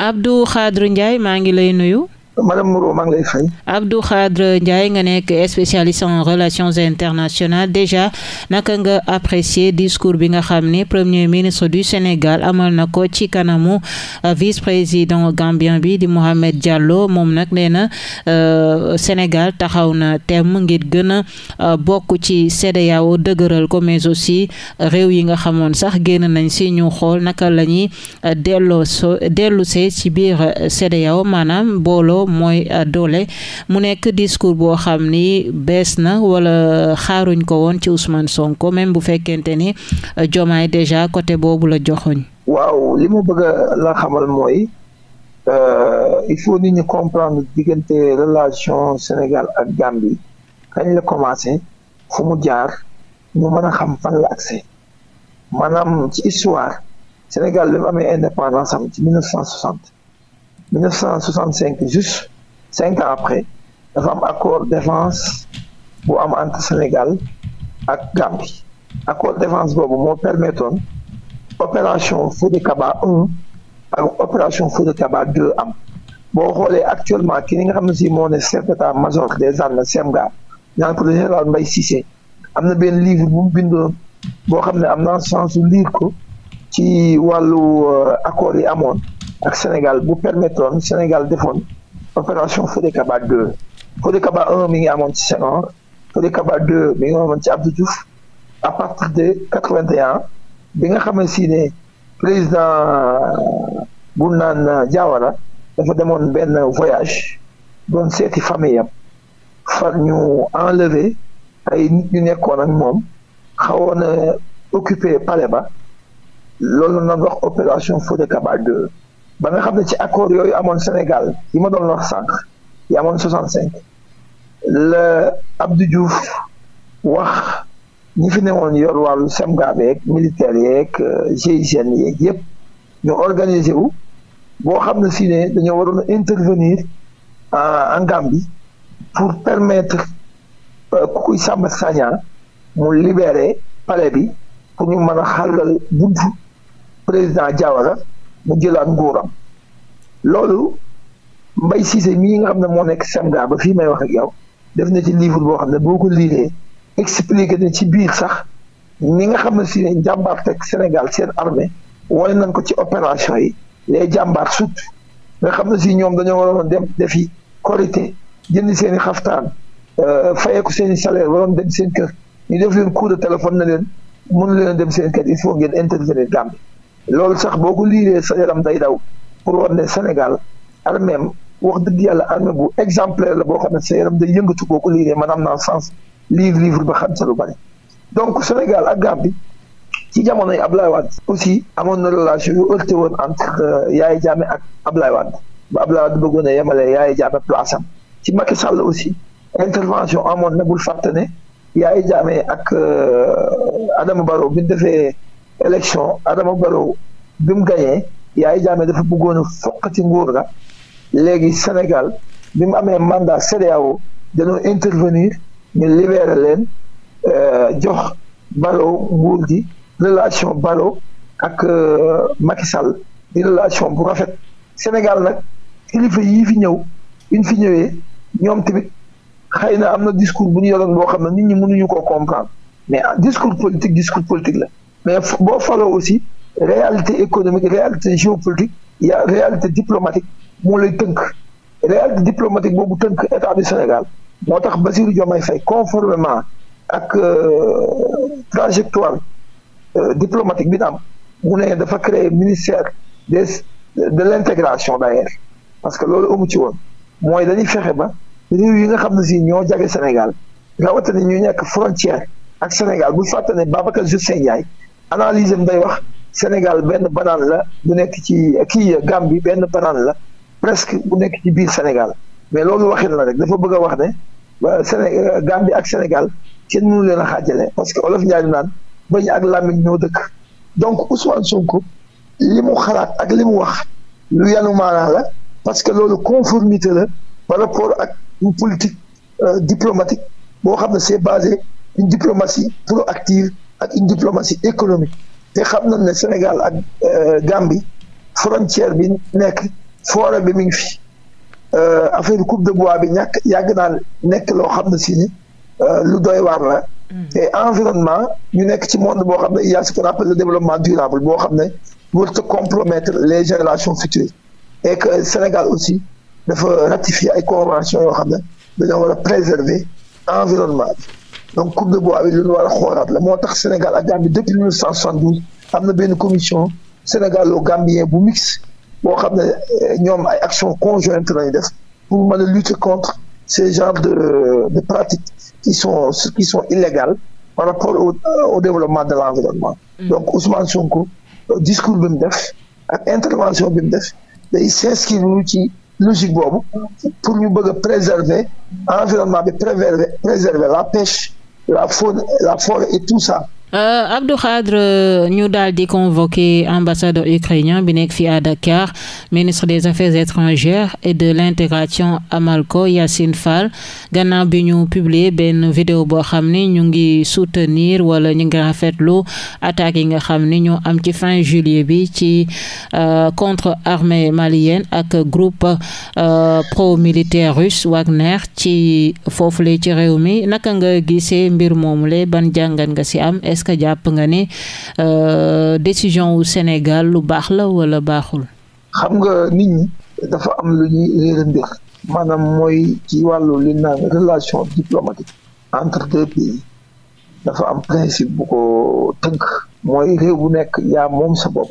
Abdou Khadre Ndiaye maa ngi lay nuyu. madame Moreau maa ngi lay fay. Abdou Khadre Ndiaye nga nekk spécialiste en relations internationales déjà naka nga apprécier discours bi nga xam ne premier ministre du Sénégal amal na ko ci kanamu euh, vice-président gambien bi di Mohamed Diallo moom nag nee na euh, Sénégal taxaw na temm ngir gën a euh, bokk ci CEDEAO dëgëral ko mais aussi réew yi nga xamoon sax génn nañ si ñu xool naka lañuy dellu see ci biir CEDEAO maanaam booloo mooy euh, doole mu nekk discours boo xam ni bees na wala xaaruñ ko woon ci Ousmane Sonko même bu fekkente ni euh, Diomaye déjà côté boobu la joxoñ waaw li ma bëgg la xamal mooy euh, il faut nit ñi comprendre diggante relation Sénégal ak Gambie kañ la commencé fu mu jaar ñu mën a xam fan la accès maanaam ci histoire Sénégal li mu amee indépendance am ci 1965 juste cinq ans après dafa am accord défense bu am entre Sénégal ak Gambie accord défense boobu moo permettoon opération Fouta Taba 1 ak opération Fouta Taba 2 am boo xoolee actuellement ki nga xam ne si moo ne chef d'état-major des armées CEMGA ñaan ko le général Mbaye Cissé am na benn livre bu mu bindoon boo xam ne am naa chance lire ko ci wàllu euh, accord yi amoon ak Sénégal bu permettoon Sénégal defoon opération Fodé Kaba 2 Fodé Kaba 1 mi ngi amoon ci Senghor Fodé Kaba 2 mi ngi amoon ci Abdou Diouf à partir de 81 bi nga xamante si ne président bu naan Diawara dafa demoon benn voyage doon seeti famille am far ñu enlever ay nit ñu nekkoon ak moom xawoon occupé palais ba loolu na wax opération Fodé Kaba 2 ba nga xam ne ci accord yooyu amoon Sénégal yi ma doon wax sànq yi amoon 65 la Abdou Diouf wax ñi fi newoon yor wàllu SEMGA beeg militaire yeeg euh, GIGN yeeg yëpp ñu organiser wu boo xam ne si ne dañoo waroon a intervenir en Gambie pour permettre euh, Kukuy Samba Sagna mu libérer palais bi pour ñu mën a xàllal buntu président Jawara mu jëlaat nguuram loolu Mbaye Cissé mii nga xam ne moo nekk Sénégal ba fii may wax ak yow def na ci livre boo xam ne boo ko liiree expliqué na ci biir sax ni nga xam ne si ne jàmbaar teg Sénégal seen armée wane nañ ko ci opération yi les jàmbaar sut nga xam ne si ñoom dañoo waroon dem defi korité jënd seen i xaftaan euh, fayeeku seen i salaire waroon dem seen kër ñu def leen coup de téléphone na leen mënu leen dem seen kër il faut ngeen intervenir Gambie loolu sax boo ko liiree sa yaram day daw pour war ne Sénégal arméem wax dëgg yàlla armée bu exemplaire la boo xam ne sa yaram day yëngatu boo ko liiree maanaam naa sens livre livre ba xam sa lu bari donc Sénégal ak gambi ci jamono yi Ablaye Wade aussi amoon na relation yu heurté woon entre euh, Yaya Jammeh ak Ablaye Wade ba Ablaye Wade bëggoon a yemale Yaya Jammeh ci Macky Sall aussi intervention amoon na bul fàtte ne Yaya ak euh, Adama Barrow bi ñu defee élection Adama Barrow bi mu gañee yaay Jammeh dafa bëggoon a foq ci nguur ga léegi Sénégal bi mu amee mandat CEDEAO dañoo intervenir ñu libéré leen euh, jox Barrow nguur gi relation Barrow ak euh, Macky Sall di relation bu rafet Sénégal nag kilifa yii fi ñëw in fi ñëwee ñoom tamit xëy na am na discours bu ñu yoroon boo xam ne nit ñi mënuñu koo comprendre mais ah, discours politique discours politique la mais boo faroo aussi réalité économique réalité géopolitique y a réalité diplomatique moo lay tënk réalité diplomatique boobu tënk état du Sénégal moo tax ba Bassirou Diomaye Faye conformément ak euh, trajectoire euh, diplomatique bi na am mu ne dafa créer ministère des de l'intégration d'ailleurs parce que loolu amu ci woon mooy dañuy fexe ba réew yi nga xam ne si ñoo jage Sénégal rawatina ñu nekk frontière ak Sénégal bu fàttali ne Babacar Justin Ndiaye analyse am day wax Sénégal benn banaan la bu nekk ci kii bi benn banaan la presque bu nekk ci biir Sénégal mais loolu waxin la rek dafa bëgg a wax ne ba Séné Gambie ak Sénégal kenn mënu leen a xaajale parce que olof Ndiaye naan bañ ak làmmiñ ñoo dëkk donc Ousmane Sonko li mu xalaat ak li mu wax lu yanu la parce que loolu conformité la par rapport ak une politique euh, diplomatique boo xam ne c'est basé une diplomatie proactive ak une diplomatie économique te xam nañ ne Sénégal ak euh, Gambie frontière bi nekk foore bi mi ngi fi euh, affaire coupe de bois bi ñàkk yàgg naa nekk loo xam ne si ni euh, lu doy waar la. Mm. te environnement ñu nekk ci monde boo xam ne il y a ce qu'on développement durable boo xam ne warut a compromettre les générations futures et que Sénégal aussi dafa ratifier ay convention yoo xam ne dañoo war a préserver environnement donc coupe de bois bi lu a xoolaat la moo tax Sénégal ak Gambie depuis 1972 am na benn commission sénégalo-gambien bu mixte boo xam ne eh, ñoom ay action conjointe lañu def pour mën a lutter contre ces genres de de pratiques qui sont qui par rapport euh, au, développement de l'environnement mm. donc Ousmane Sonko euh, discours bi mu def intervention bi def day s'inscrire ñu ci logique boobu pour ñu bëgg a préserver environnement bi préserver la la faune, la forêt et tout ça. Euh, Abdou Khadre euh, ñu daal di convoqué ambassadeur ukrainien bi nekk fii à Dakar ministre des affaires étrangères et de l'intégration amal ko Yassine Fall gannaaw bi ñu publier benn vidéo boo xam ni ñu ngi soutenir wala ñu ngi rafetlu attaques yi nga xam ni ñoo am ci fin juillet bi ci euh, contre armée malienne ak groupe euh, pro militaire russe Wagner ci foofule ci réew mi naka nga gise mbir moomule ban jàngat nga si am. est-ce jàpp nga ne euh, décision wu Sénégal lu baax la wala baaxul. xam nga nit dafa am lu ñuy réer mbir mooy ci wàllu li naan relation diplomatique entre deux pays dafa am principe bu ko tënk mooy réew bu nekk yaa moom sa bopp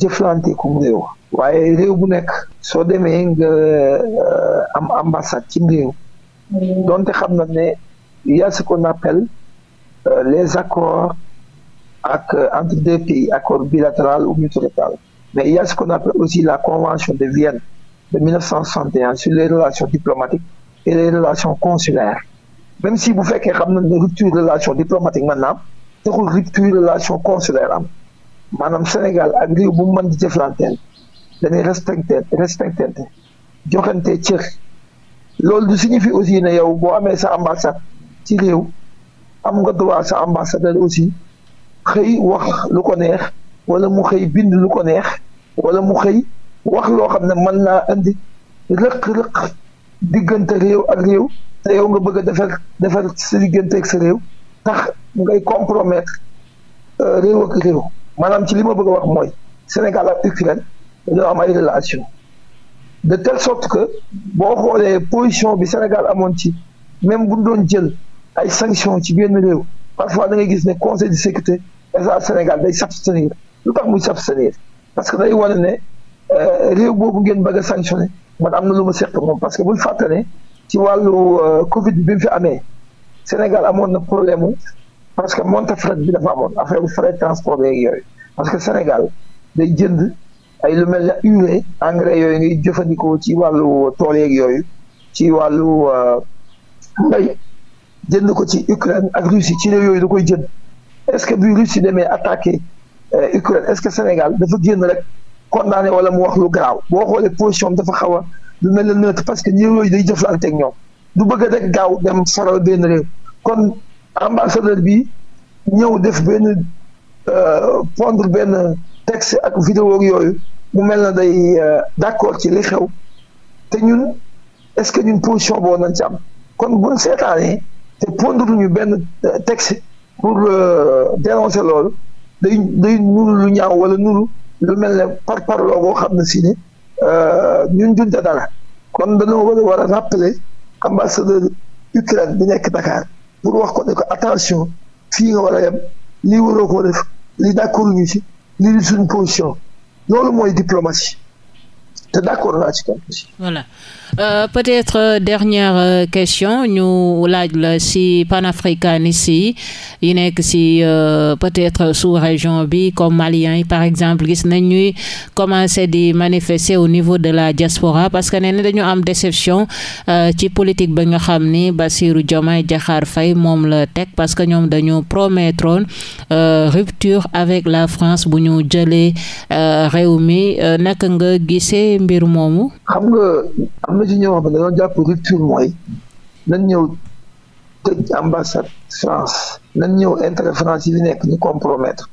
jëflante kum réew waaye réew bu nekk soo demee nga euh, am ambassade ci réew donte xam na ne y a ce Euh, les accords ak euh, entre deux pays accord bilatéral ou multilatéral mais ya y a aussi la convention de Vienne de 1961 sur les relations diplomatiques et les relations consulaires même si bu fekkee xam na ne rupture relation diplomatique maintenant taxul rupture relation consulaire am maanaam Sénégal ak réew bu mën di jëflanteel dañuy respecté respecté joxante cër loolu du signifie aussi ne yow boo amee sa ambassade ci réew am nga droit sa ambassadeur aussi xëy wax lu ko neex wala mu xëy bind lu ko neex wala mu xëy wax loo xam ne mën naa indi rëq-rëq diggante réew ak réew te yow nga bëgg a defar defar sa diggante ak sa réew tax ngay compromettre euh, réew ak réew maanaam ci li ma bëgg a wax mooy Sénégal ak Ukraine dañoo am ay relation de telle sorte que boo xoolee position bi Sénégal amoon ci même bu doon jël ay sanctions ci benn réew parfois da ngay gis ne conseil de sécuté état Sénégal day s'abstenir lu tax muy s'abstenir parce que day wane ne euh, réew boobu ngeen bëgg a sanctionné man am na lu ma set moom parce que buñ fàtte ne ci wàllu euh, Covid bi mu fi amee Sénégal amoon na problème mu parce que monte fret bi dafa amoon affaire bu frais transport yeeg yooyu parce que Sénégal day jënd ay lu mel ne urée engrais yooyu ngay jëfandikoo ci wàllu tool yeeg yooyu ci wàllu euh, jënd ko ci Ukraine ak Russie ci réew yooyu da koy jënd est-ce que bi Russie demee attaqué euh, Ukraine est-ce que Sénégal dafa génn rek condamné wala mu wax lu garaaw boo xoolee position dafa xaw a lu mel na neutre parce que réew yooyu day jëflante ak ñoom du bëgg rek gaaw dem faral benn réew kon ambassadeur bi ñëw def benn euh, pondre benn texte ak vidéo yooyu mu mel na day euh, d'accord ci li xew te ñun est-ce que ñun position boo nañ ci am kon buñ seetaanee te ponduruñu benn texte pour euh, dénoncer loolu day day nuru lu ñaaw wala nuru lu mel ne par parloo ko xam ne si ne euh, ñun junte dara kon dañoo war a war a rappeler ambassadeur Ukraine bi nekk Dakar pour wax ko ne ko attention fii nga war a yem lii waroo koo def lii d'accord ñu ci lii di suñu position loolu mooy diplomatie te d'accord naa ci kan aussi voilà Euh, peut-être euh, dernière euh, question ñu laaj la si panafricanistes yi yi nekk si peut-être sous région bi comme maliens yi par exemple gis nañ ñuy commencer di manifester au niveau de la diaspora parce que nee na dañu am déception ci politique ba nga xam ni Bassirou Diomaye Diakhar fay moom la teg parce que ñoom dañu promettroon rupture avec la France bu ñu jëlee réew mi naka nga gisee mbir moomu am na ci ñoo xam ne dañoo jàpp rupture mooy nañ ñëw tëj ambassade France nañ ñëw intérêt France yi fi nekk ñu compromettre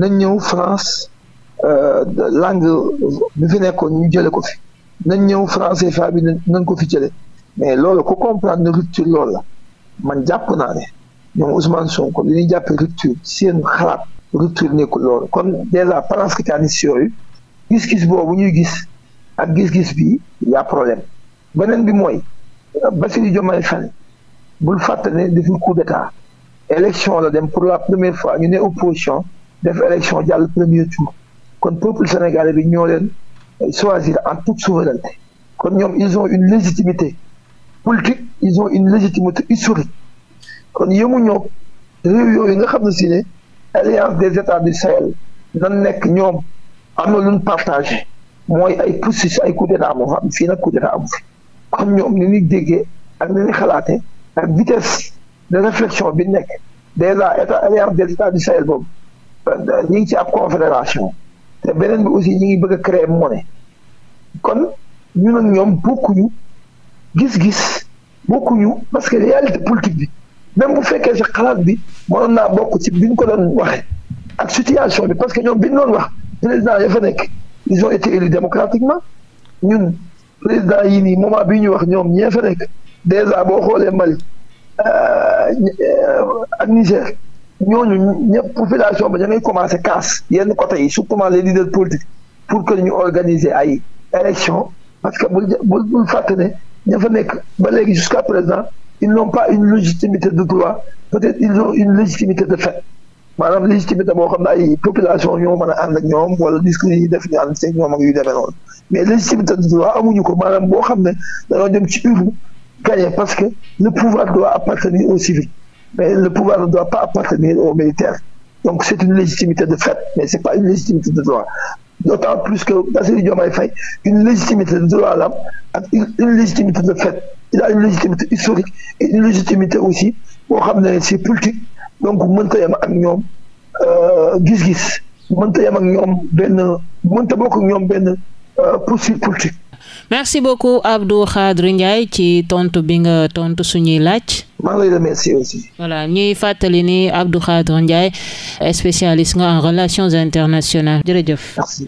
nañ ñëw France euh, langue bi fi nekkoon ñu jële ko fi nañ ñëw français fa bi nañ ko fi jële mais loolu ku comprendre ne rupture loolu man jàpp naa ne ñoom Ousmane Sonko li ñuy jàppe rupture seen xalaat rupture nekku loolu kon dès la panafricaniste yooyu gis-gis boobu ñuy gis ak gis-gis bi y problème beneen bi mooy Bassirou Diomaye Faye bul fàttali ne deful coup d'état élection la dem pour la première fois ñu ne opposition def élection jàll premier tour kon peuple sénégalais bi ñoo leen choisir en toute souveraineté kon ñoom ils ont une légitimité politique ils ont une légitimité historique kon yemuñoo réew yi nga xam ne sine ne alliance des états du Sahel nan nekk ñoom am na luñ mooy ay poussés ay coup d'état moo fa fii nag coup d'état amu fi comme ñoom ni ñuy ak ni ñuy xalaatee ak vitesse de réflexion bi nekk déjà état alliance des états du Sahel boobu euh, ñi ngi ci ab confédération te beneen bi aussi ñi ngi bëgg a créer monnaie kon ñu nag ñoom bokkuñu gis-gis bokkuñu parce que réalité politique bi même bu fekkee si xalaat bi mënoon naa bokk ci bi ñu ko doon waxee ak situation bi parce que ñoom bi ñu wax président ya fa nekk ils ont été élus démocratiquement ñun président yi nii moment bi ñu wax ñoom ñee fa nekk déjà boo xoolee Mali euh, ak Niger ñooñu ñëpp population ba ña ngay commencé casse yenn côté yi surtout les leaders politiques pour que ñu organiser ay élection parce que bul bul ña fa nekk ba léegi jusqu'à présent ils n'ont pas une légitimité de droit peut-être ils ont une légitimité de fait maanaam légitimité boo xam ne ay population ñoo mën a ànd ak ñoom wala discours yi def ñu ànd seeg ñoom ak yu de droit amuñu ko maanaam boo xam ne dañoo jëm ci urne gagné parce que le pouvoir doit appartenir aux civils mais le pouvoir ne doit pas appartenir aux militaires donc c'est une légitimité de fait mais c'est pas une légitimité de droit d'autant que Bassirou Diomaye Faye une légitimité de droit la am ak fait il a une légitimité historique et une légitimité aussi boo xam ne c'est politique donc mënta yem ak ñoom euh, gis-gis mënta yem ak ñoom benn mënta bokk ak ñoom benn euh, poursuite politique. merci beaucoup Abdou Khadre Ndiaye ci tontu bi nga tontu suñuy laaj. maa voilà ñuy fàttali ni Abdou Khadre Ndiaye spécialiste nga en relations internationales jërëjëf. merci.